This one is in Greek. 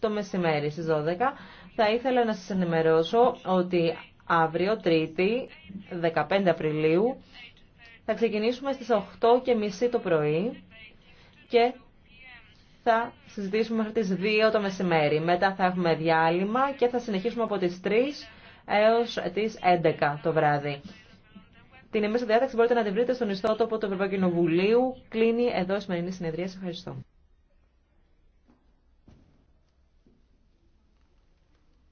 το μεσημέρι στις 12. Θα ήθελα να σας ενημερώσω ότι αύριο, Τρίτη, 15 Απριλίου, θα ξεκινήσουμε στις 8.30 το πρωί και θα συζητήσουμε μέχρι τις 2 το μεσημέρι. Μετά θα έχουμε διάλειμμα και θα συνεχίσουμε από τις 3 έως τις 11 το βράδυ. Την εμείς διάταξη μπορείτε να τη βρείτε στον ιστότοπο του Ευρωπαϊκού Κοινοβουλίου. Κλείνει εδώ η σημερινή συνεδρία. Σας ευχαριστώ.